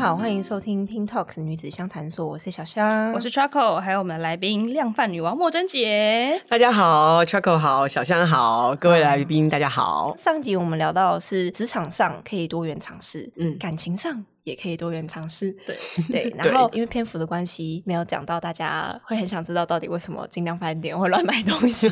好，歡迎收聽 PinkTalks 女子相談所，我是小香，我是 Traco，還有我們的來賓量販女王默真姐。大家好，Traco 好，小香好，各位來賓大家好。上集我們聊到是職場上可以多元嘗試，嗯，感情上也可以多元嘗試，嗯、對對。然後因為篇幅的關係，沒有講到大家會很想知道到底為什麼進量販店會亂買東西，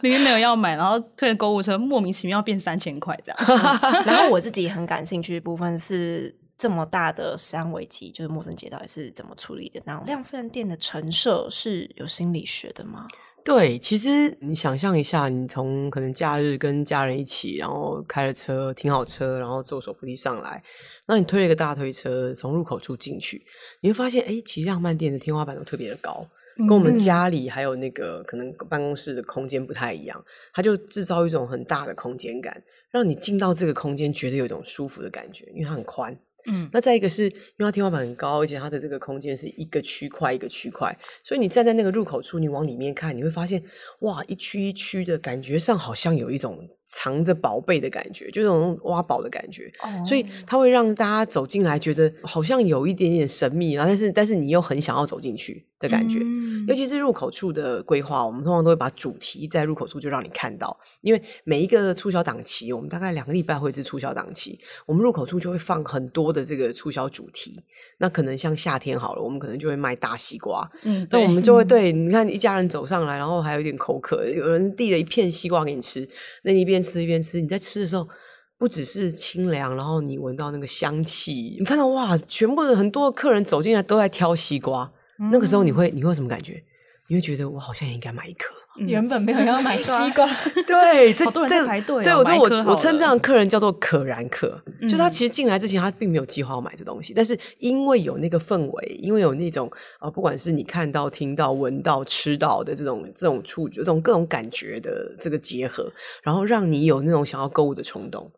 明 明沒有要買，然後退了購物車莫名其妙變三千塊這樣。 然後我自己很感興趣的部分是。這麼大的三維機，就是陌生街到底是怎麼處理的那種？然後量販店的陳設是有心理學的嗎？對，其實你想象一下，你從可能假日跟家人一起，然後開了車停好車，然後坐手扶梯上來，那你推了一個大推車從入口處進去，你會發現，哎，其實量販店的天花板都特別的高，跟我們家裡還有那個可能辦公室的空間不太一樣，嗯、它就制造一種很大的空間感，讓你進到這個空間，覺得有一種舒服的感覺，因為它很寬。嗯，那再一個是因為它天花板很高，而且它的這個空間是一個區塊一個區塊，所以你站在那個入口處，你往裡面看，你會發現，哇，一區一區的感覺上好像有一種。藏着寶貝的感覺，就是那種挖寶的感覺，Oh. 所以它會讓大家走進來，覺得好像有一點點神祕啊。但是，但是你又很想要走進去的感覺。Mm. 尤其是入口處的規劃，我們通常都會把主題在入口處就讓你看到，因為每一個促銷檔期，我們大概兩個禮拜會是促銷檔期，我們入口處就會放很多的這個促銷主題。那可能像夏天好了，我們可能就會賣大西瓜。嗯，那我們就會，對，你看一家人走上來，然後還有一點口渴，有人遞了一片西瓜給你吃。那你一邊吃一邊吃，你在吃的時候不只是清涼，然後你聞到那個香氣，你看到哇，全部的很多客人走進來都在挑西瓜。嗯，那個時候你會你會有什麼感覺？你會覺得我好像也應該買一顆、嗯，原本沒有要買瓜 西瓜，對，這 多人才對，、哦、 對，我說我我稱這樣客人叫做可燃客、嗯，就他其實進來之前他並沒有計劃要買這東西，但是因為有那個氛圍，因為有那種啊，不管是你看到、聽到、聞到、吃到的這種這種觸覺、這種各種感覺的這個結合，然後讓你有那種想要購物的衝動。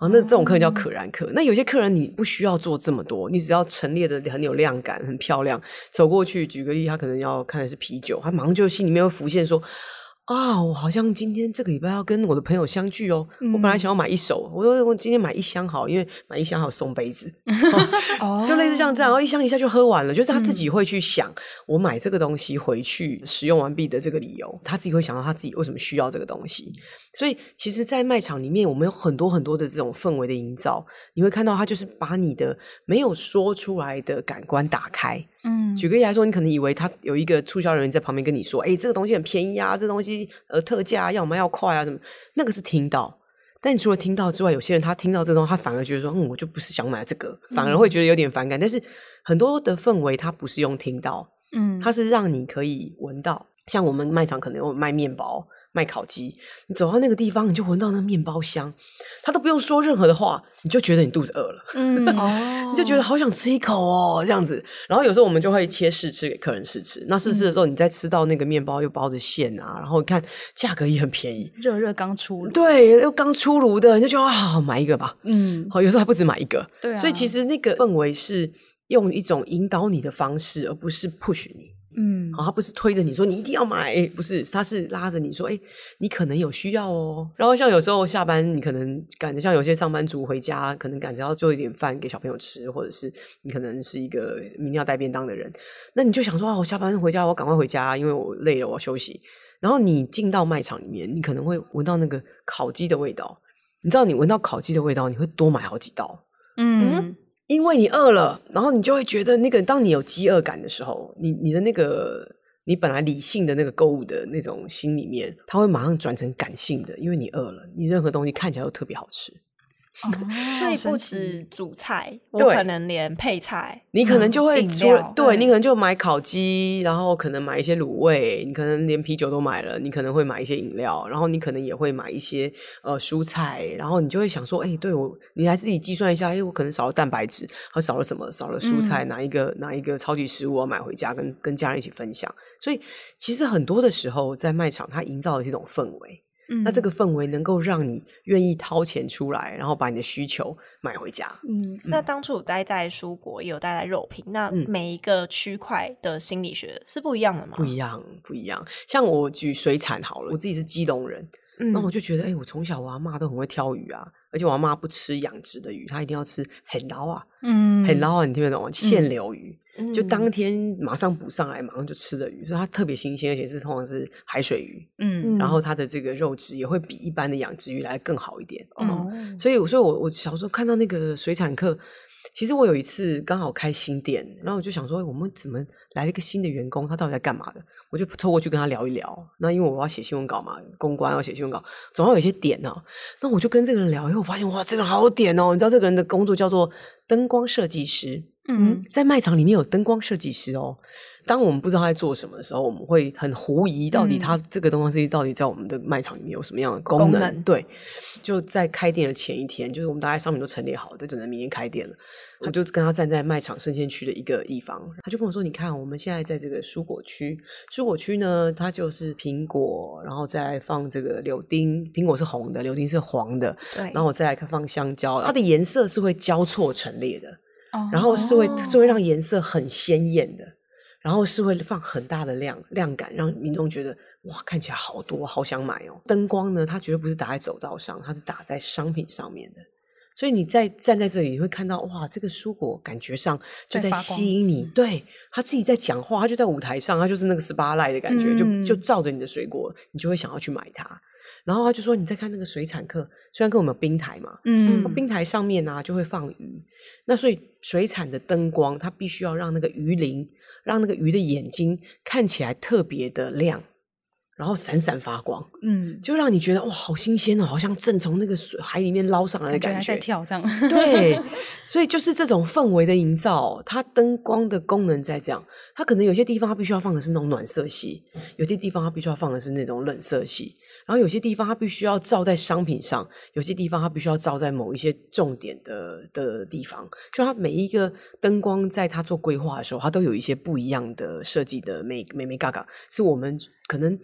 啊、哦，那這種客人叫可燃客、哦。那有些客人你不需要做這麼多，你只要陳列的很有量感、很漂亮，走過去。舉個例，他可能要看的是啤酒，他馬上就心裡面會浮現說：“啊，我好像今天這個禮拜要跟我的朋友相聚哦、喔，我本來想要買一手，我說我今天買一箱好，因為買一箱好送杯子。嗯”哦、 就類似像這樣，然後一箱一下就喝完了，就是他自己會去想、嗯、我買這個東西回去使用完畢的這個理由，他自己會想到他自己為什麼需要這個東西。所以，其實，在賣場裡面，我們有很多很多的這種氛圍的營造。你會看到，他就是把你的沒有說出來的感官打開。嗯，舉個例來說，你可能以為他有一個促銷人員在旁邊跟你說：“哎、欸，這個東西很便宜啊，這東西呃特價，要買要快啊，什麼。”那個是聽到，但你除了聽到之外、嗯，有些人他聽到這東西，他反而覺得說：“嗯，我就不是想買這個，反而會覺得有點反感。”但是，很多的氛圍，他不是用聽到，嗯，他是讓你可以聞到、嗯。像我們賣場可能有賣麵包。賣烤雞，你走到那個地方，你就聞到那個麵包香，他都不用說任何的話，你就覺得你肚子餓了，嗯哦， 你就覺得好想吃一口哦，這樣子。然後有時候我們就會切試吃給客人試吃。那試吃的時候、嗯，你再吃到那個麵包又包著餡啊，然後你看價格也很便宜，熱熱剛出爐，對，又剛出爐的，你就覺得啊，買一個吧，嗯，好，有時候還不止買一個對、啊，所以其實那個氛圍是用一種引導你的方式，而不是 push 你。嗯、哦，他不是推着你說你一定要買，嗯欸、不是，他是拉着你說、欸，你可能有需要哦。然後像有時候下班，你可能感覺像有些上班族回家，可能感覺要做一點飯給小朋友吃，或者是你可能是一個明天要帶便當的人，那你就想說、啊，我下班回家，我趕快回家，因為我累了，我要休息。然後你進到賣場裡面，你可能會聞到那個烤雞的味道，你知道你聞到烤雞的味道，你會多買好幾道，嗯。嗯因為你餓了，然後你就會覺得那個，當你有飢餓感的時候，你你的那個，你本來理性的那個購物的那種心裡面，它會馬上轉成感性的，因為你餓了，你任何東西看起來都特別好吃。所以不只主菜，我可能連配菜，你可能就會煮、嗯，對，對，對，你可能就買烤雞，然後可能買一些滷味，你可能連啤酒都買了，你可能會買一些飲料，然後你可能也會買一些呃蔬菜，然後你就會想說，哎、欸，對我，你來自己計算一下，哎、欸，我可能少了蛋白質，少了什麼，少了蔬菜，嗯、哪一個哪一個超級食物我買回家跟跟家人一起分享。所以其實很多的時候，在賣場它營造的這種氛圍。那這個氛圍能夠讓你願意掏錢出來，然後把你的需求買回家。嗯，嗯，那當初我待在蔬果，也有待在肉品，那每一個區塊的心理學是不一樣的嗎？不一樣，不一樣。像我舉水產好了，我自己是基隆人，那、嗯、我就覺得，哎、欸，我從小我阿媽都很會挑魚啊。而且我媽，媽不吃養殖的魚，她一定要吃很撈啊，嗯，很撈啊，你聽不懂？現流魚，嗯、就當天馬上捕上來，馬上就吃的魚，嗯，所以它特別新鮮，而且是通常是海水魚，嗯，然後它的這個肉質也會比一般的養殖魚來得更好一點。所、嗯、以、嗯，所以我所以我，我小時候看到那個水產課，其實我有一次剛好開新店，然後我就想說，我們怎麼來了一個新的員工，他到底在幹嘛的？我就湊過去跟他聊一聊，那因為我要寫新聞稿嘛，公關要寫新聞稿，總要有一些點呢啊。那我就跟這個人聊，因為我發現哇，這個好點哦，你知道這個人的工作叫做燈光設計師，嗯，在賣場裡面有燈光設計師哦。當我們不知道他在做什麼的時候，我們會很狐疑，到底他這個燈光設計到底在我們的賣場裡面有什麼樣的功能，功能？對，就在開店的前一天，就是我們大概商品都陳列好，就只能明天開店了。他就跟他站在賣場生鮮區的一個地方，他就跟我說：“你看，我們現在在這個蔬果區，蔬果區呢，它就是蘋果，然後再來放這個柳丁，蘋果是紅的，柳丁是黃的，對。然後我再來放香蕉，它的顏色是會交錯陳列的，然後是會、Oh. 是會讓顏色很鮮豔的。”然後是會放很大的量量感，讓民眾覺得哇，看起來好多，好想買哦。燈光呢，它絕對不是打在走道上，它是打在商品上面的。所以你在站在這裡，你會看到哇，這個蔬果感覺上就在吸引你。對，他自己在講話，他就在舞台上，他就是那個 spotlight 的感覺，嗯、就就照着你的水果，你就會想要去買它。然後他就說，你在看那個水產課，雖然跟我們有冰台嘛，嗯，冰台上面呢、啊、就會放魚，那所以水產的燈光，它必須要讓那個魚鱗。讓那個魚的眼睛看起來特別的亮，然後閃閃發光，嗯，就讓你覺得哇，好新鮮哦，好像正從那個水海裡面撈上來的感覺。感覺在跳這樣，對， 所以就是這種氛圍的營造，它燈光的功能在這樣。它可能有些地方它必須要放的是那種暖色系，有些地方它必須要放的是那種冷色系。然後有些地方它必須要照在商品上，有些地方它必須要照在某一些重點的的地方。就它每一個燈光，在它做規劃的時候，它都有一些不一樣的設計的。眉眉角角，是我們可能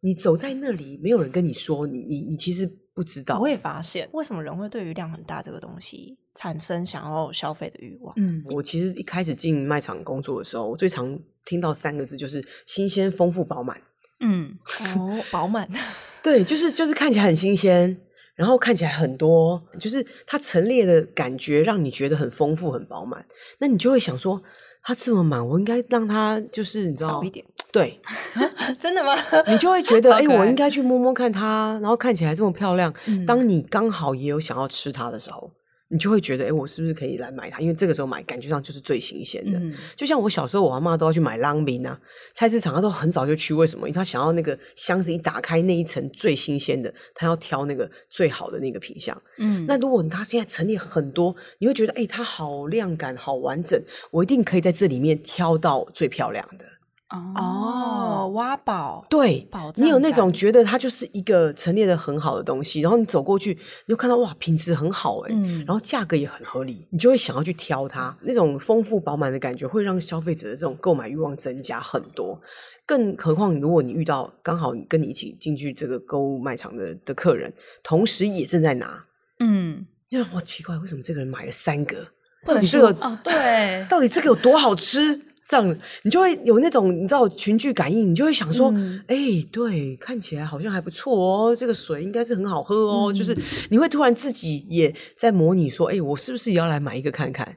你走在那裡，沒有人跟你說，你你，你其實不知道。我也發現，為什麼人會對於量很大這個東西產生想要消費的欲望？嗯，我其實一開始進賣場工作的時候，我最常聽到三個字就是“新鮮、豐富、飽滿”。嗯，哦，飽滿。 對，就是就是看起來很新鮮，然後看起來很多，就是它陳列的感覺讓你覺得很豐富很飽滿，那你就會想說，它這麼滿，我應該讓它就是你知道，少一點，對， 真的嗎？你就會覺得，哎、欸，我應該去摸摸看它，然後看起來這麼漂亮。嗯、當你剛好也有想要吃它的時候。你就會覺得，哎、欸，我是不是可以來買它？因為這個時候買，感覺上就是最新鮮的。嗯。就像我小時候，我阿媽都要去買 l o 啊，菜市場她都很早就去。為什麼？因為她想要那個箱子一打開那一層最新鮮的，她要挑那個最好的那個品相。嗯，那如果她現在陳列很多，你會覺得，哎、欸，它好亮感，好完整，我一定可以在這裡面挑到最漂亮的。Oh, 哦，挖寶對保，你有那種覺得它就是一個陳列的很好的東西，然後你走過去，你就看到哇，品質很好哎、欸嗯，然後價格也很合理，你就會想要去挑它。那種豐富飽滿的感覺會讓消費者的這種購買慾望增加很多。更何況如果你遇到剛好你跟你一起進去這個購物賣場的的客人，同時也正在拿，嗯，你就好奇怪，為什麼這個人買了三個？不能說到底這個、哦、對，到底這個有多好吃？ 這樣，你就會有那種你知道群聚感應，你就會想說，哎、嗯欸，對，看起來好像還不錯哦，這個水應該是很好喝哦，嗯、就是你會突然自己也在模擬說，哎、欸，我是不是也要來買一個看看？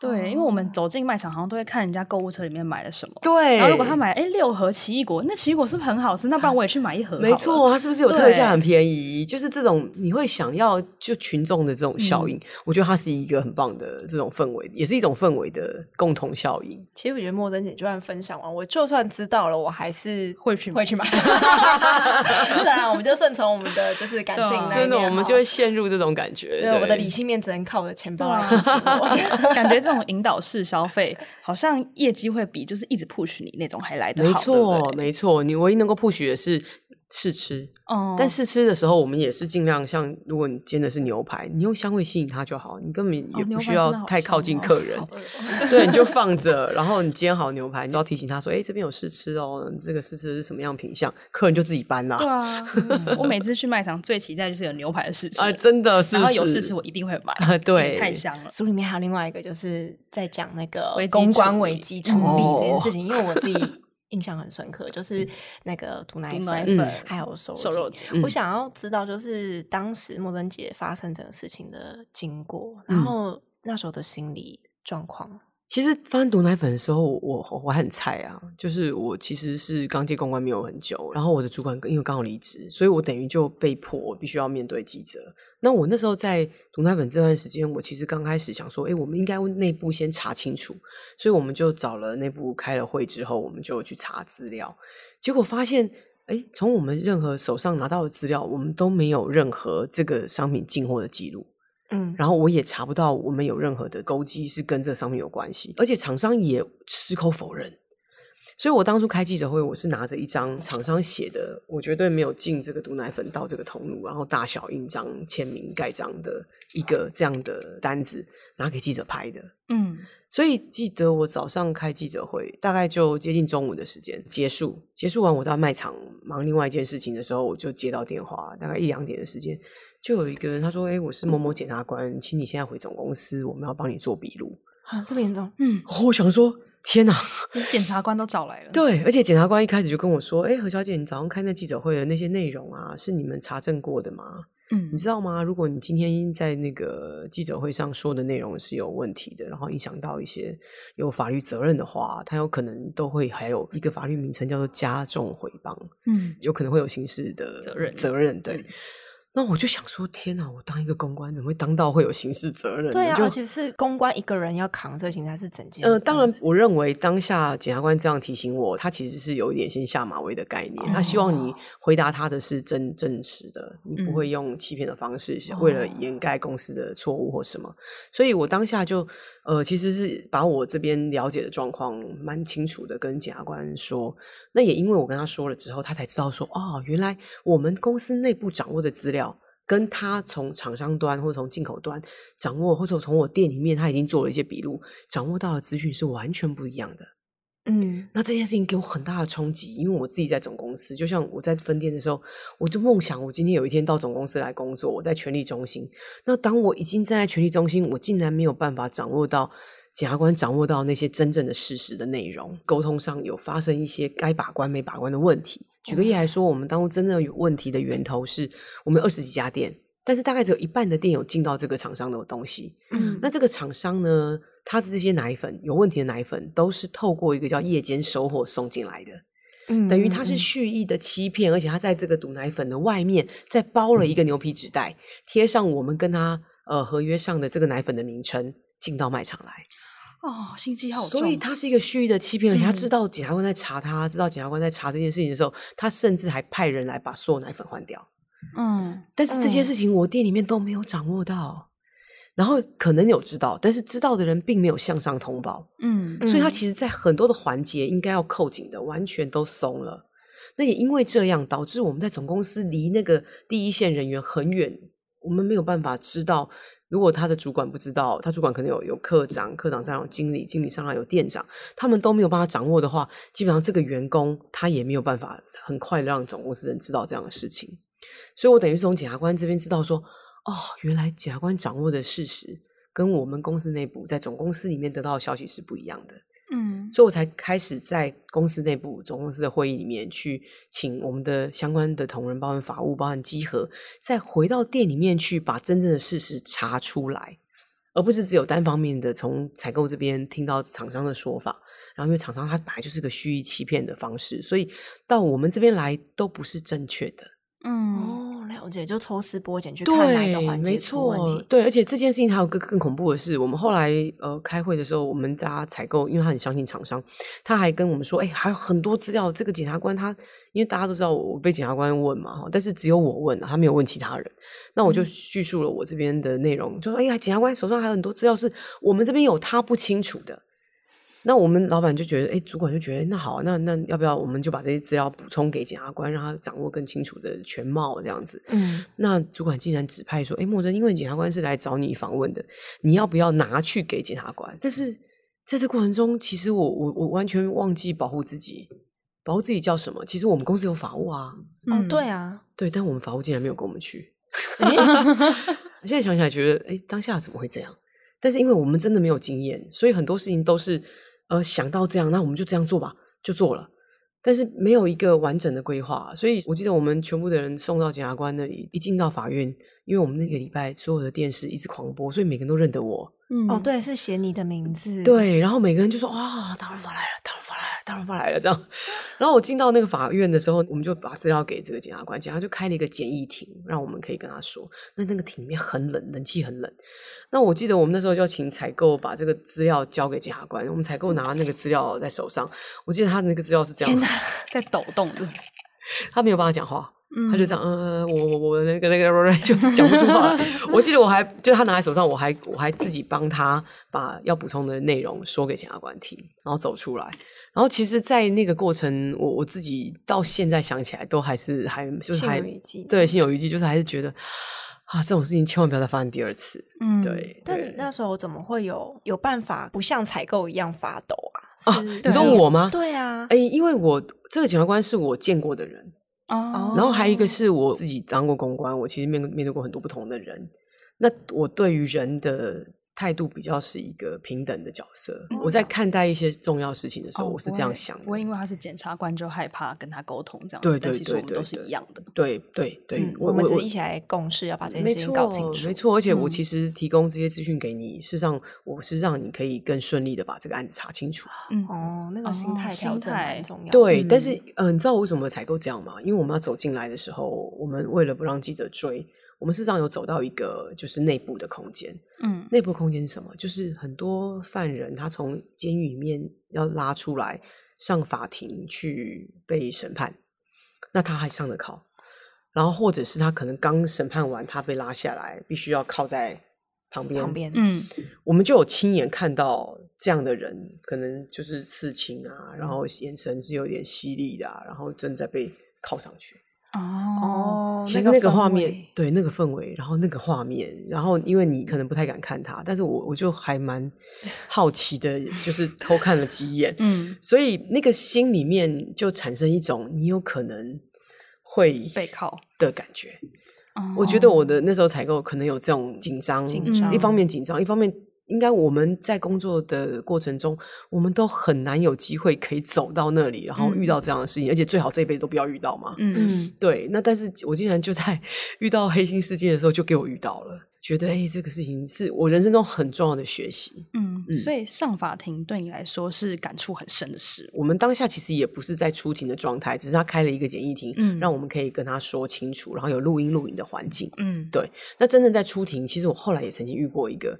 對，因為我們走進賣場，好像都會看人家購物車裡面買了什麼。對，然後如果他買哎六盒奇異果，那奇異果是不是很好吃？那不然我也去買一盒。沒錯，它是不是有特價很便宜？就是這種你會想要就群眾的這種效應、嗯，我覺得它是一個很棒的這種氛圍，也是一種氛圍的共同效應。其實我覺得默真姐就算分享完，我就算知道了，我還是會去會去買。是 啊， 我們就順從我們的就是感性、啊。真的，我們就會陷入這種感覺。對，我的理性面只能靠我的錢包來提醒我，感覺是。 這種引導式消費，好像業績會比就是一直 push 你那種還來得好。沒錯對對，沒錯，你唯一能夠 push 的是。試吃、嗯，但試吃的時候，我們也是盡量像，如果你煎的是牛排，你用香味吸引他就好，你根本也不需要太靠近客人。哦、 對，你就放着，然後你煎好牛排，你都要提醒他說：“哎，這邊有試吃哦，這個試吃是什麼樣品相？”客人就自己搬啦、啊啊嗯。我每次去賣場 最期待就是有牛排的試吃啊，真的是，是。然後有試吃，我一定會買、啊、對，太香了。書裡面還有另外一個，就是在講那個公關危機處理這件事情，因為我自己。 印象很深刻，就是那個毒奶粉，嗯、還有瘦、嗯、肉精。我想要知道，就是當時默真姊發生這個事情的經過、嗯，然後那時候的心理狀況。其實翻毒奶粉的時候，我我很菜啊，就是我其實是剛進公關沒有很久，然後我的主管因為剛好離職，所以我等於就被迫我必須要面對記者。那我那時候在毒奶粉這段時間，我其實剛開始想說，哎，我們應該內部先查清楚，所以我們就找了內部開了會之後，我們就去查資料，結果發現，哎，從我們任何手上拿到的資料，我們都沒有任何這個商品進貨的記錄。嗯，然後我也查不到我們有任何的勾稽是跟這上面有關係，而且廠商也矢口否認。所以我當初開記者會，我是拿着一張廠商寫的，我絕對沒有進這個毒奶粉到這個通路，然後大小印章、簽名、蓋章的。一個這樣的單子拿給記者拍的，嗯，所以記得我早上開記者會，大概就接近中午的時間結束，結束完我到賣場忙另外一件事情的時候，我就接到電話，大概一兩點的時間，就有一個人他說：“哎、欸，我是某某檢察官、嗯，請你現在回總公司，我們要幫你做筆錄。”啊，這麼嚴重？嗯、哦，我想說，天吶、啊、檢察官都找來了。對，而且檢察官一開始就跟我說：“哎、欸，何小姐，你早上開那記者會的那些內容啊，是你們查證過的嗎？”嗯，你知道嗎？如果你今天在那個記者會上說的內容是有問題的，然後影響到一些有法律責任的話，他有可能都會還有一個法律名稱叫做加重毀謗，嗯，有可能會有刑事的責任責任。對。嗯那我就想說，天哪！我當一個公關，怎麼會當到會有刑事責任？對啊，而且是公關一個人要扛這個刑，他是整件事。呃，當然，我認為當下檢察官這樣提醒我，他其實是有一點先下馬威的概念。哦、他希望你回答他的是真真實的，你不會用欺騙的方式，嗯、為了掩蓋公司的錯誤或什麼。哦、所以，我當下就呃，其實是把我這邊了解的狀況蠻清楚的，跟檢察官說。那也因為我跟他說了之後，他才知道說，哦，原來我們公司內部掌握的資料。跟他從廠商端或者從進口端掌握，或者從我店裡面他已經做了一些筆錄，掌握到的資訊是完全不一樣的。嗯，那這件事情給我很大的衝擊，因為我自己在總公司，就像我在分店的時候，我就夢想我今天有一天到總公司來工作，我在權力中心。那當我已經站在權力中心，我竟然沒有辦法掌握到檢察官掌握到那些真正的事實的內容，溝通上有發生一些該把關沒把關的問題。舉個例來說，我們當中真的有問題的源頭是我們二十幾家店，但是大概只有一半的店有進到這個廠商的東西。嗯，那這個廠商呢，他的這些奶粉，有問題的奶粉，都是透過一個叫夜間收貨送進來的。嗯，等於他是蓄意的欺騙，而且他在這個毒奶粉的外面再包了一個牛皮紙袋，貼、嗯、上我們跟他呃合約上的這個奶粉的名稱，進到賣場來。哦，心機好重，所以他是一個蓄意的欺騙。人、嗯、他知道檢察官在查他，知道檢察官在查這件事情的時候，他甚至還派人來把所有奶粉換掉。嗯，但是這些事情我店裡面都沒有掌握到、嗯，然後可能有知道，但是知道的人並沒有向上通報。嗯，所以他其實，在很多的環節應該要扣緊的，完全都鬆了。那也因為這樣，導致我們在總公司離那個第一線人員很遠，我們沒有辦法知道。如果他的主管不知道，他主管可能有有課長，課長再有經理，經理上有店長，他們都沒有辦法掌握的話，基本上這個員工他也沒有辦法很快讓總公司人知道這樣的事情。所以我等於是從檢察官這邊知道說，哦，原來檢察官掌握的事實跟我們公司內部在總公司裡面得到的消息是不一樣的。嗯，所以我才開始在公司內部、總公司的會議裡面去請我們的相關的同仁，包含法務，包含稽核，再回到店裡面去把真正的事實查出來，而不是只有單方面的從採購這邊聽到廠商的說法。然後因為廠商他本來就是個蓄意欺騙的方式，所以到我們這邊來都不是正確的。嗯。我姐就抽絲剝繭去看對、那個、環節出問題。沒錯對，而且這件事情還有更更恐怖的是，我們後來呃開會的時候，我們家採購，因為他很相信廠商，他還跟我們說，哎、欸，還有很多資料。這個檢察官他，因為大家都知道我被檢察官問嘛哈，但是只有我問，他沒有問其他人。那我就敘述了我這邊的內容、嗯，就說，哎、欸，檢察官手上還有很多資料是我們這邊有他不清楚的。那我們老闆就覺得，誒、欸、主管就覺得，那好，那那要不要我們就把這些資料補充給檢察官，讓他掌握更清楚的全貌，這樣子。嗯，那主管竟然指派說，誒、欸、默真，因為檢察官是來找你訪問的，你要不要拿去給檢察官？但是在這過程中，其實我我我完全忘記保護自己，保護自己叫什麼？其實我們公司有法務啊。嗯，對啊，對，但我們法務竟然沒有跟我們去。欸、 現在想起來覺得，誒、欸、當下怎麼會這樣？但是因為我們真的沒有經驗，所以很多事情都是。呃，想到這樣，那我們就這樣做吧，就做了。但是沒有一個完整的規劃，所以我記得我們全部的人送到檢察官那裡，一進到法院，因為我們那個禮拜所有的電視一直狂播，所以每個人都認得我。嗯，哦，對，是寫你的名字。對，然後每個人就說：“哇，大潤發來了，大潤發。大潤發來了，這樣。然後我進到那個法院的時候，我們就把資料給這個檢察官，檢察官就開了一個簡易庭，讓我們可以跟他說。那那個庭裡面很冷，冷氣很冷。那我記得我們那時候就要請採購把這個資料交給檢察官，我們採購拿那個資料在手上。Okay. 我記得他的那個資料是這樣，在抖動，就是他沒有辦法講話，嗯，他就這樣，嗯、呃，我我我那個那個就是講不出話。 我記得我還就他拿在手上，我還我還自己幫他把要補充的內容說給檢察官聽，然後走出來。然後，其實，在那個過程，我我自己到現在想起來，都還是還、就是、心有餘悸。對，心有餘悸，就是還是覺得啊，這種事情千萬不要再發生第二次。嗯，對。對，但你那時候怎麼會有有辦法不像採購一樣發抖啊？啊，你說我嗎？嗯、對啊、欸，因為我這個檢察官是我見過的人、oh, 然後還有一個是我自己當過公關，oh. 我其實面面對過很多不同的人，那我對於人的。態度比較是一個平等的角色，嗯。我在看待一些重要事情的時候，嗯、我是這樣想的。哦，不會，不會因為他是檢察官就害怕跟他溝通這樣。對對對對。但其實我們都是一樣的。對對對，對，嗯，我們只是一起來共事，要把這件事情搞清楚。沒錯，而且我其實提供這些資訊給你，嗯，事實上我是讓你可以更順利的把這個案子查清楚。嗯，哦，那個心態，哦，心態調整很重要。對，嗯，但是嗯，呃，你知道我為什麼採購這樣嗎？因為我們要走進來的時候，我們為了不讓記者追。我們事實上，有走到一個就是內部的空間，嗯，內部空間是什麼？就是很多犯人他從監獄裡面要拉出來上法庭去被審判，那他還上的銬。然後或者是他可能剛審判完，他被拉下來，必須要銬在旁邊。旁邊，嗯，我們就有親眼看到這樣的人，可能就是刺青啊，然後眼神是有點犀利的，啊嗯，然後正在被銬上去。哦、oh，其實那個畫面，對那個氛圍，那個，然後那個畫面，然後因為你可能不太敢看他，但是我我就還蠻好奇的，就是偷看了幾眼， 嗯，所以那個心裡面就產生一種你有可能會背靠的感覺。Oh. 我覺得我的那時候採購可能有這種緊張，緊張，一方面緊張，一方面。應該我們在工作的過程中，我們都很難有機會可以走到那裡，然後遇到這樣的事情，嗯、而且最好這一輩子都不要遇到嘛。嗯嗯，對。那但是我竟然就在遇到黑心事件的時候，就給我遇到了。覺得哎、欸，這個事情是我人生中很重要的學習、嗯。嗯，所以上法庭對你來說是感觸很深的事。我們當下其實也不是在出庭的狀態，只是他開了一個簡易庭，嗯，讓我們可以跟他說清楚，然後有錄音錄影的環境。嗯，對。那真正在出庭，其實我後來也曾經遇過一個，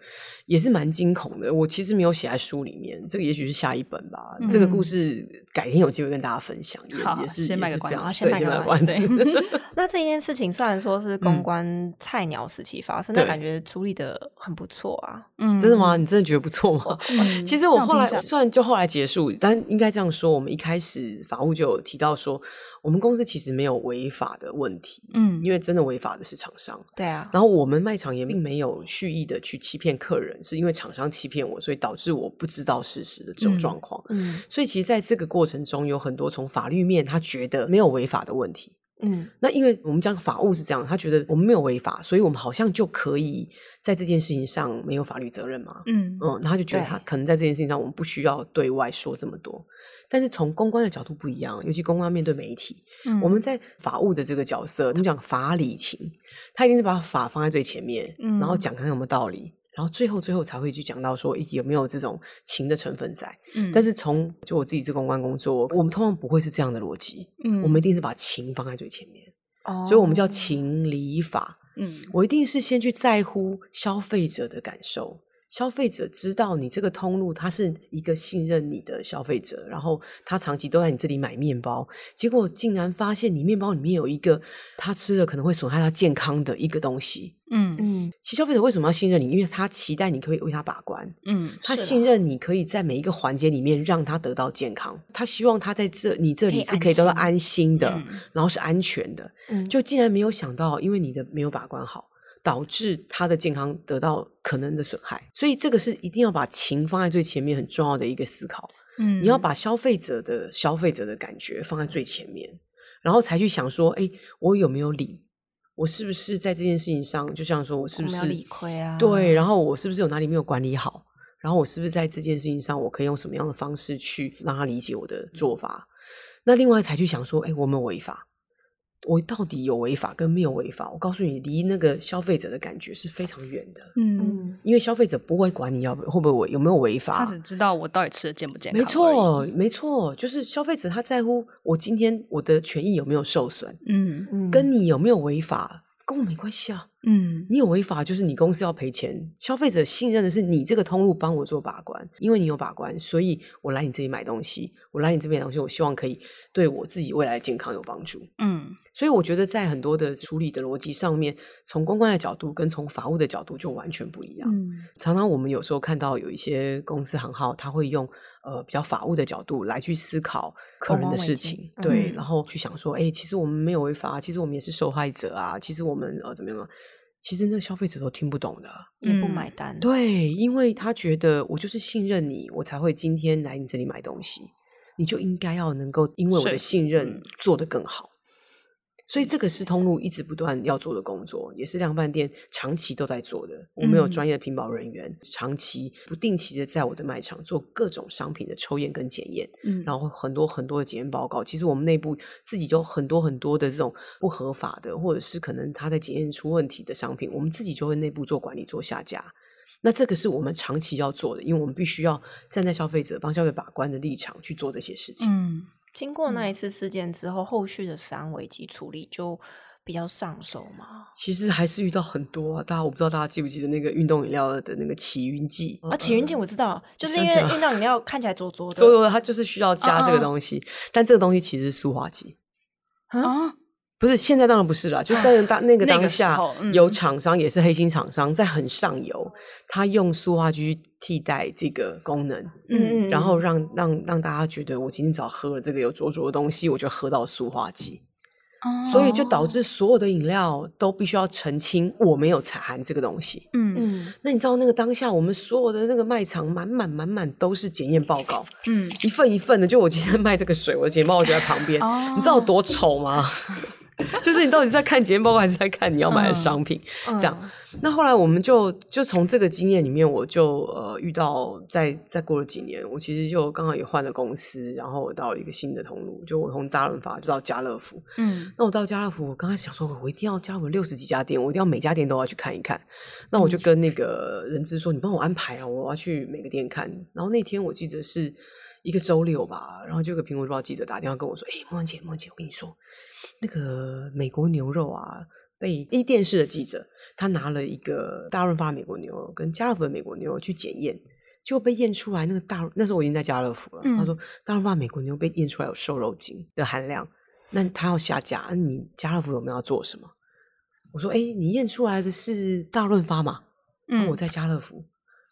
也是蠻驚恐的。我其實沒有寫在書裡面，這個也許是下一本吧、嗯。這個故事改天有機會跟大家分享，也，好好也是先賣個關子，啊、關子關子 那這件事情雖然說是公關菜鳥時期發生，的、嗯。感覺處理得很不錯啊！嗯，真的嗎、嗯？你真的覺得不錯嗎、嗯？其實我後來算，嗯、就後來結束，但應該這樣說，我們一開始法務就有提到說，我們公司其實沒有違法的問題。嗯、因為真的違法的是廠商。對啊，然後我們賣場也並沒有蓄意的去欺騙客人，是因為廠商欺騙我，所以導致我不知道事實的這種狀況、嗯嗯。所以其實在這個過程中，有很多從法律面，他覺得沒有違法的問題。嗯，那因為我們講法務是這樣，他覺得我們沒有違法，所以我們好像就可以在這件事情上沒有法律責任嘛。嗯嗯，他就覺得他可能在這件事情上我們不需要對外說這麼多。但是從公關的角度不一樣，尤其公關面對媒體，嗯、我們在法務的這個角色，他們講法理情，他一定是把法放在最前面，嗯、然後講看看有沒有道理。然後最後最後才會去講到說有沒有這種情的成分在，嗯，但是從就我自己這公關工作，我們通常不會是這樣的邏輯，嗯，我們一定是把情放在最前面，哦，所以我們叫情理法，嗯，我一定是先去在乎消費者的感受。消費者知道你這個通路，他是一個信任你的消費者，然後他長期都在你這裡買麵包，結果竟然發現你麵包裡面有一個他吃了可能會損害他健康的一個東西。嗯嗯，其實消費者為什麼要信任你？因為他期待你可以為他把關。嗯，他信任你可以在每一個環節裡面讓他得到健康，他希望他在這你這裡是可以得到安心的，可以安心，嗯，然後是安全的。嗯，就竟然沒有想到，因為你的沒有把關好。導致他的健康得到可能的損害，所以這個是一定要把情放在最前面，很重要的一個思考。嗯，你要把消費者的消費者的感覺放在最前面，然後才去想說，哎，我有沒有理？我是不是在這件事情上，就像說我是不是理虧啊？對，然後我是不是有哪裡沒有管理好？然後我是不是在這件事情上，我可以用什麼樣的方式去讓他理解我的做法？那另外才去想說，哎，我有沒有違法？我到底有違法跟沒有違法？我告訴你，離那個消費者的感覺是非常遠的。嗯，因為消費者不會管你要會不會違有沒有違法，他只知道我到底吃得健不健康。沒錯，沒錯，就是消費者他在乎我今天我的權益有沒有受損，嗯。嗯，跟你有沒有違法？跟我沒關係啊，嗯，你有違法就是你公司要賠錢。消費者信任的是你這個通路幫我做把關，因為你有把關，所以我來你這裡買東西，我來你這邊買東西，我希望可以對我自己未來的健康有幫助。嗯，所以我覺得在很多的處理的邏輯上面，從公關的角度跟從法務的角度就完全不一樣。嗯，常常我們有時候看到有一些公司行號，他會用。呃，比較法務的角度來去思考客人的事情，對、嗯，然後去想說，哎、欸，其實我們沒有違法，其實我們也是受害者啊，其實我們呃怎麼樣？其實那個消費者都聽不懂的，也不買單，對，因為他覺得我就是信任你，我才會今天來你這裡買東西，你就應該要能夠因為我的信任做得更好。所以這個是通路一直不斷要做的工作，嗯、也是量販店長期都在做的。嗯、我們有專業的品保人員，長期不定期的在我的賣場做各種商品的抽驗跟檢驗，嗯，然後很多很多的檢驗報告。其實我們內部自己就很多很多的這種不合法的，或者是可能他在檢驗出問題的商品，我們自己就會內部做管理做下架。那這個是我們長期要做的，因為我們必須要站在消費者幫消費把關的立場去做這些事情。嗯經過那一次事件之後，嗯、後續的食安危機處理就比較上手嘛。其實還是遇到很多啊，大家我不知道大家記不記得那個運動飲料的那個起雲劑啊，起雲劑我知道、嗯，就是因為運動飲料看起來濁濁濁濁，就是、着着着的它就是需要加這個東西，啊啊但這個東西其實是塑化劑、嗯、啊。不是，現在當然不是啦。就在那個當下，呃那個嗯、有廠商也是黑心廠商，在很上游，他用塑化劑去替代這個功能，嗯，然後讓讓讓大家覺得我今天早喝了這個有濁濁的東西，我就喝到塑化劑，哦，所以就導致所有的飲料都必須要澄清，我沒有採含這個東西。嗯嗯。那你知道那個當下，我們所有的那個賣場，滿滿滿滿都是檢驗報告，嗯，一份一份的。就我今天賣這個水，我的檢報告就在旁邊，哦。你知道多醜嗎？ 就是你到底是在看檢驗報告，還是在看你要買的商品，嗯？這樣，嗯。那後來我們就就從這個經驗裡面，我就呃遇到再，再再過了幾年，我其實就剛好也換了公司，然後我到了一個新的通路，就我從大潤發就到家樂福。嗯，那我到家樂福，我剛開始想說，我一定要家樂福六十幾家店，我一定要每家店都要去看一看。那我就跟那個人資說，嗯、你幫我安排啊，我要去每個店看。然後那天我記得是。一個周六吧，然後就個蘋果日報記者打電話跟我說、嗯：“哎，默真姐，默真姐，我跟你說，那個美國牛肉啊，被壹電視的記者他拿了一個大潤發美國牛肉跟家樂福的美國牛肉去檢驗，結果被驗出來那個大，那時候我已經在家樂福了。他說、嗯、大潤發美國牛被驗出來有瘦肉精的含量，那他要下架，你家樂福有沒有要做什麼？”我說：“哎，你驗出來的是大潤發嘛？嗯，那我在家樂福，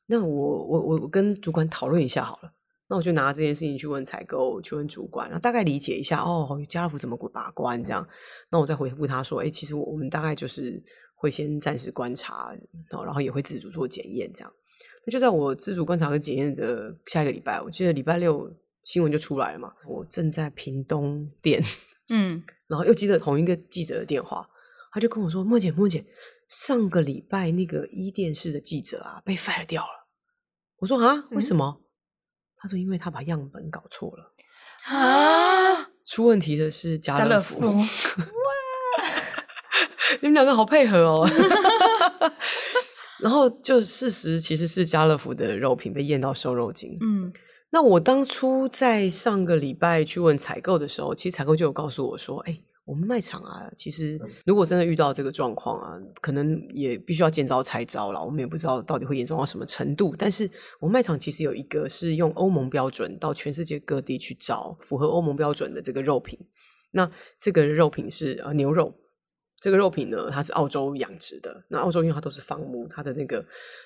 那我我我我跟主管討論一下好了。”那我就拿這件事情去問採購，去問主管，然後大概理解一下哦，家樂福怎麼把關這樣。那、嗯、我再回復他說：“哎、欸，其實我我們大概就是會先暫時觀察，然後也會自主做檢驗這樣。”那就在我自主觀察跟檢驗的下一個禮拜，我記得禮拜六新聞就出來了嘛。我正在屏東店，嗯，然後又接着同一個記者的電話，他就跟我說：“默姐，默姐，上個禮拜那個壹電視的記者啊，被 fire 掉了。”我說：“啊，為什麼？”嗯他說：“因為他把樣本搞錯了啊，出問題的是家樂福。樂福” 哇， 你們兩個好配合哦。 然後就事實其實是家樂福的肉品被驗到瘦肉精。嗯，那我當初在上個禮拜去問採購的時候，其實採購就有告訴我說：“哎、欸。”我們賣場啊,其實如果真的遇到這個狀況啊，可能也必須要見招拆招啦。我們也不知道到底會嚴重到什麼程度，但是我們賣場其實有一個是用歐盟標準到全世界各地去找符合歐盟標準的這個肉品，那這個肉品是呃牛肉。這個肉品呢，它是澳洲養殖的。那澳洲因為它都是放牧，它的那個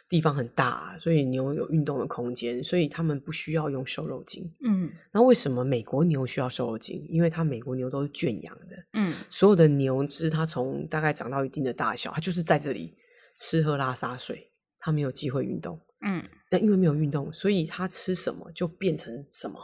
地方很大，所以牛有運動的空間，所以他們不需要用瘦肉精。嗯。那為什麼美國牛需要瘦肉精？因為它美國牛都是圈養的。嗯。所有的牛隻，它從大概長到一定的大小，它就是在這裡吃喝拉撒睡，它沒有機會運動。嗯。那因為沒有運動，所以它吃什麼就變成什麼。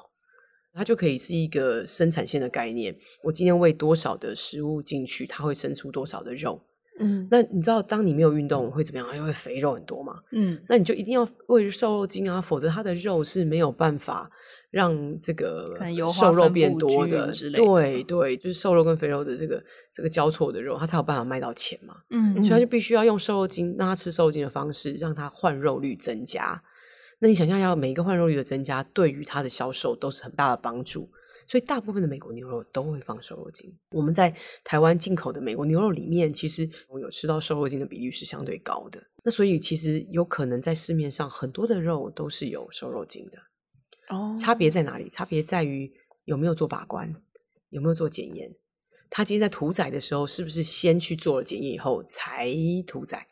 它就可以是一個生產線的概念。我今天餵多少的食物進去，它會生出多少的肉。嗯，那你知道，當你沒有運動會怎麼樣？因、哎、為肥肉很多嘛。嗯，那你就一定要餵瘦肉精啊，否則它的肉是沒有辦法讓這個瘦肉變多的。之類的。對對，就是瘦肉跟肥肉的這個這個交錯的肉，它才有辦法賣到錢嘛。嗯，所以它就必須要用瘦肉精，讓它吃瘦肉精的方式，讓它換肉率增加。那你想象一下，每一個換肉率的增加，對於它的銷售都是很大的幫助。所以大部分的美國牛肉都會放瘦肉精。我們在台灣進口的美國牛肉裡面，其實我有吃到瘦肉精的比率是相對高的。那所以其實有可能在市面上很多的肉都是有瘦肉精的。哦、oh.，差別在哪裡？差別在於有沒有做把關，有沒有做檢驗。他今天在屠宰的時候，是不是先去做了檢驗以後才屠宰？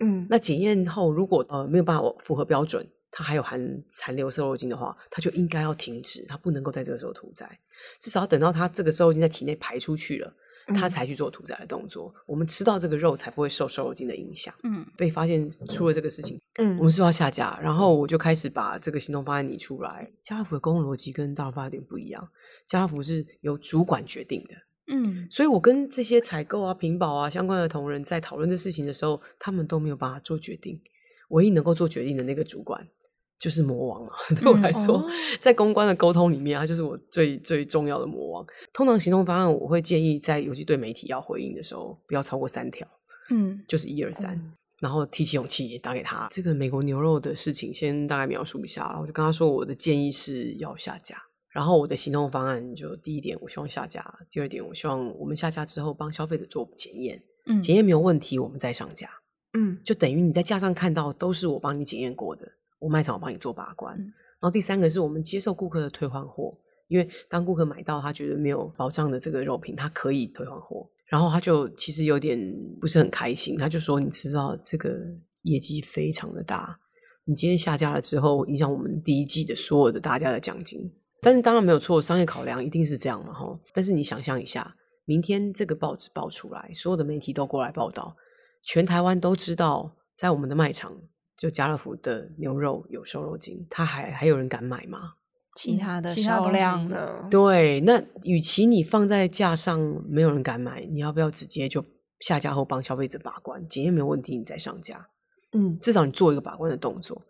嗯、mm.，那檢驗後如果呃沒有辦法符合標準。它還有含殘留瘦肉精的話，它就應該要停止，它不能夠在這個時候屠宰，至少要等到它這個瘦肉精在體內排出去了，它才去做屠宰的動作、嗯。我們吃到這個肉才不會受瘦肉精的影響。嗯，被發現出了這個事情，嗯，我們是要下架。然後我就開始把這個行動方案擬出來。家樂福的公共邏輯跟大潤發有點不一樣，家樂福是由主管決定的。嗯，所以我跟這些採購啊、品保啊相關的同仁在討論這事情的時候，他們都沒有辦法做決定，唯一能夠做決定的那個主管。就是魔王嘛、啊，對我來說、嗯哦，在公關的溝通裡面啊，就是我最最重要的魔王。通常行動方案，我會建議在尤其對媒體要回應的時候，不要超過三條，嗯，就是一二三，嗯、然後提起勇氣也打給他、嗯。這個美國牛肉的事情，先大概描述一下，然後我就跟他說，我的建議是要下架，然後我的行動方案就第一點，我希望下架；第二點，我希望我們下架之後幫消費者做檢驗、嗯，檢驗沒有問題，我們再上架，嗯，就等於你在架上看到都是我幫你檢驗過的。我賣場，我幫你做把關。嗯。然後第三個是我們接受顧客的退換貨，因為當顧客買到他覺得沒有保障的這個肉品，他可以退換貨。然後他就其實有點不是很開心，他就說：“你知不知道這個業績非常的大？你今天下架了之後，影響我們第一季的所有的大家的獎金。”但是當然沒有錯，商業考量一定是這樣嘛，哈。但是你想象一下，明天這個報紙爆出來，所有的媒體都過來報道，全台灣都知道，在我們的賣場。就家樂福的牛肉有瘦肉精，它，還還有人敢買嗎？嗯、其他的銷量的、嗯，對。那與其你放在架上沒有人敢買，你要不要直接就下架後幫消費者把關，檢驗沒有問題你再上架？嗯，至少你做一個把關的動作。嗯、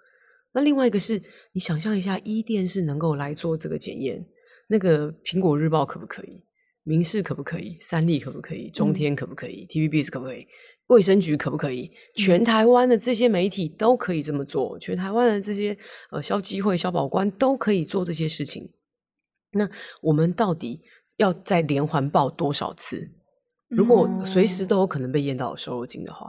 那另外一個是你想象一下，壹電是能夠來做這個檢驗，那個蘋果日報可不可以？民視可不可以？三立可不可以？中天可不可以、嗯、？TVBS 可不可以？衛生局可不可以？全台灣的這些媒體都可以這麼做，嗯、全台灣的這些呃消基會、消保官都可以做這些事情。那我們到底要再連環報多少次？嗯、如果隨時都有可能被驗到瘦肉精的話、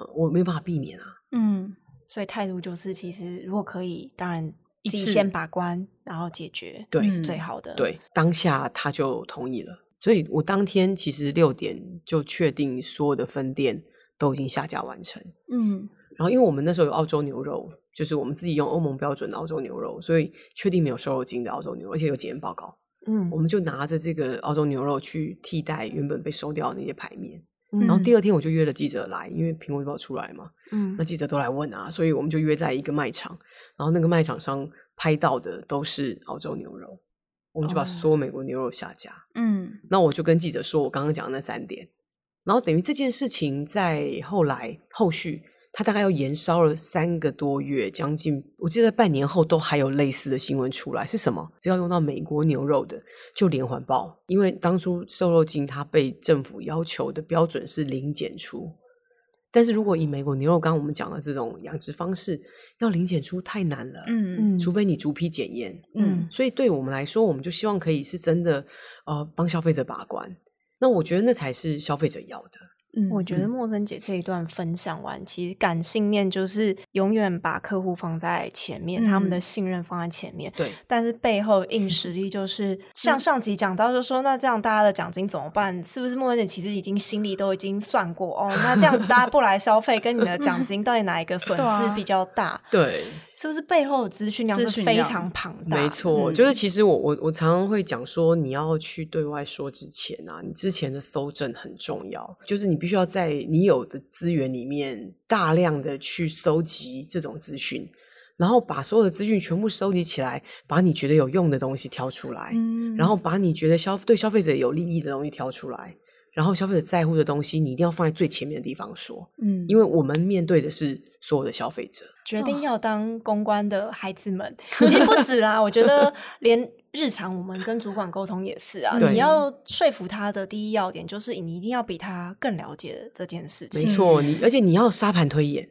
嗯，我沒辦法避免啊。嗯，所以態度就是，其實如果可以，當然自己先把關，然後解決，對，是最好的對、嗯。對，當下他就同意了，所以我當天其實六點就確定所有的分店。都已經下架完成。嗯，然後因為我們那時候有澳洲牛肉，就是我們自己用歐盟標準的澳洲牛肉，所以確定沒有瘦肉精的澳洲牛肉，而且有檢驗報告。嗯，我們就拿着這個澳洲牛肉去替代原本被收掉的那些排面。嗯，然後第二天我就約了記者來，因為蘋果日報出來嘛。嗯，那記者都來問啊，所以我們就約在一個賣場，然後那個賣場上拍到的都是澳洲牛肉，我們就把所有美國牛肉下架。哦，嗯，那我就跟記者說我剛剛講的那三點。然後等於這件事情在後來後續，它大概又延燒了三個多月，將近我記得半年後都還有類似的新聞出來，是什麼？只要用到美國牛肉的就連環爆，因為當初瘦肉精它被政府要求的標準是零檢出，但是如果以美國牛肉、嗯、剛剛我們講的這種養殖方式要零檢出太難了，嗯嗯，除非你逐批檢驗，嗯，嗯，所以對我們來說，我們就希望可以是真的，呃，幫消費者把關。那我覺得那才是消費者要的。嗯，我覺得默真姐這一段分享完，嗯，其實感性面就是永遠把客戶放在前面，嗯，他們的信任放在前面。對、嗯，但是背後硬實力就是像上集講到就，就、嗯、說那這樣大家的獎金怎麼辦？是不是默真姐其實已經心裡都已經算過哦？Oh, 那這樣子大家不來消費，跟你的獎金到底哪一個損失比較大？嗯對，啊、對。就是，是背後的資訊量是非常龐大，沒錯，嗯。就是其實我我我常常會講說，你要去對外說之前啊，你之前的搜證很重要，就是你必須要在你有的資源裡面大量的去收集這種資訊，然後把所有的資訊全部收集起來，把你覺得有用的東西挑出來，嗯，然後把你覺得消對消費者有利益的東西挑出來。然後消費者在乎的東西，你一定要放在最前面的地方說，嗯，因為我們面對的是所有的消費者。決定要當公關的孩子們，其、哦、實不止啦。 我覺得連日常我們跟主管溝通也是啊， 你要說服他的第一要點就是你一定要比他更了解這件事情。沒錯，嗯、你而且你要沙盤推演。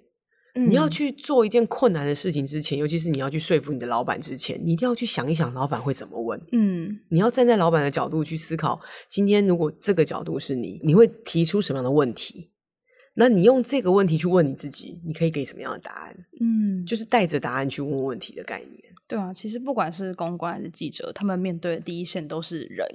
嗯，你要去做一件困難的事情之前，尤其是你要去說服你的老闆之前，你一定要去想一想老闆會怎麼問。嗯，你要站在老闆的角度去思考，今天如果這個角度是你，你會提出什麼樣的問題？那你用這個問題去問你自己，你可以給什麼樣的答案？嗯，就是帶着答案去問問題的概念。對啊，其實不管是公關還是記者，他們面對的第一線都是人，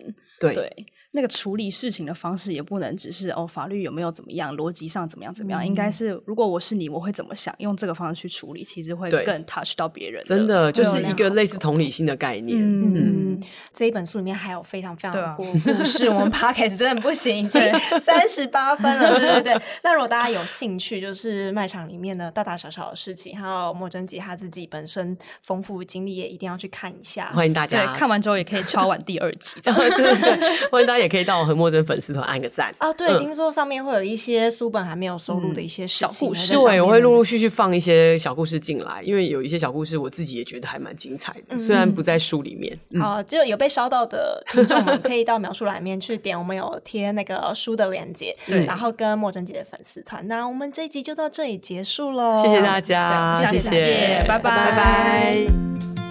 對。對。那個處理事情的方式也不能只是哦，法律有沒有怎麼樣，邏輯上怎麼樣怎麼樣？嗯、應該是如果我是你，我會怎麼想？用這個方式去處理，其實會更 touch 到別人。真的就是一個類似同理心的概念嗯。嗯，這一本書裡面還有非常非常多故事。不是、啊、我們 podcast 真的不行，已經三十八分了， 對對對。那如果大家有興趣，就是賣場裡面的大大小小的事情，還有默真姐她自己本身豐富經歷，也一定要去看一下。歡迎大家。對，看完之後也可以敲完第二集。對 對樣 對，歡迎大家。也可以到我和默真粉絲團按個讚啊！對、嗯，聽說上面會有一些書本還沒有收錄的一些、嗯、小故事，那個、對我會陸陸續續放一些小故事進來，因為有一些小故事我自己也覺得還蠻精彩的、嗯，雖然不在書裡面。好、嗯啊，就有被燒到的聽眾 們，可以到描述欄裡面去點我們有貼那個書的鏈接、嗯，然後跟默真姐的粉絲團。那我們這一集就到這裡結束嘍，謝謝大家下，謝謝，拜拜，拜拜。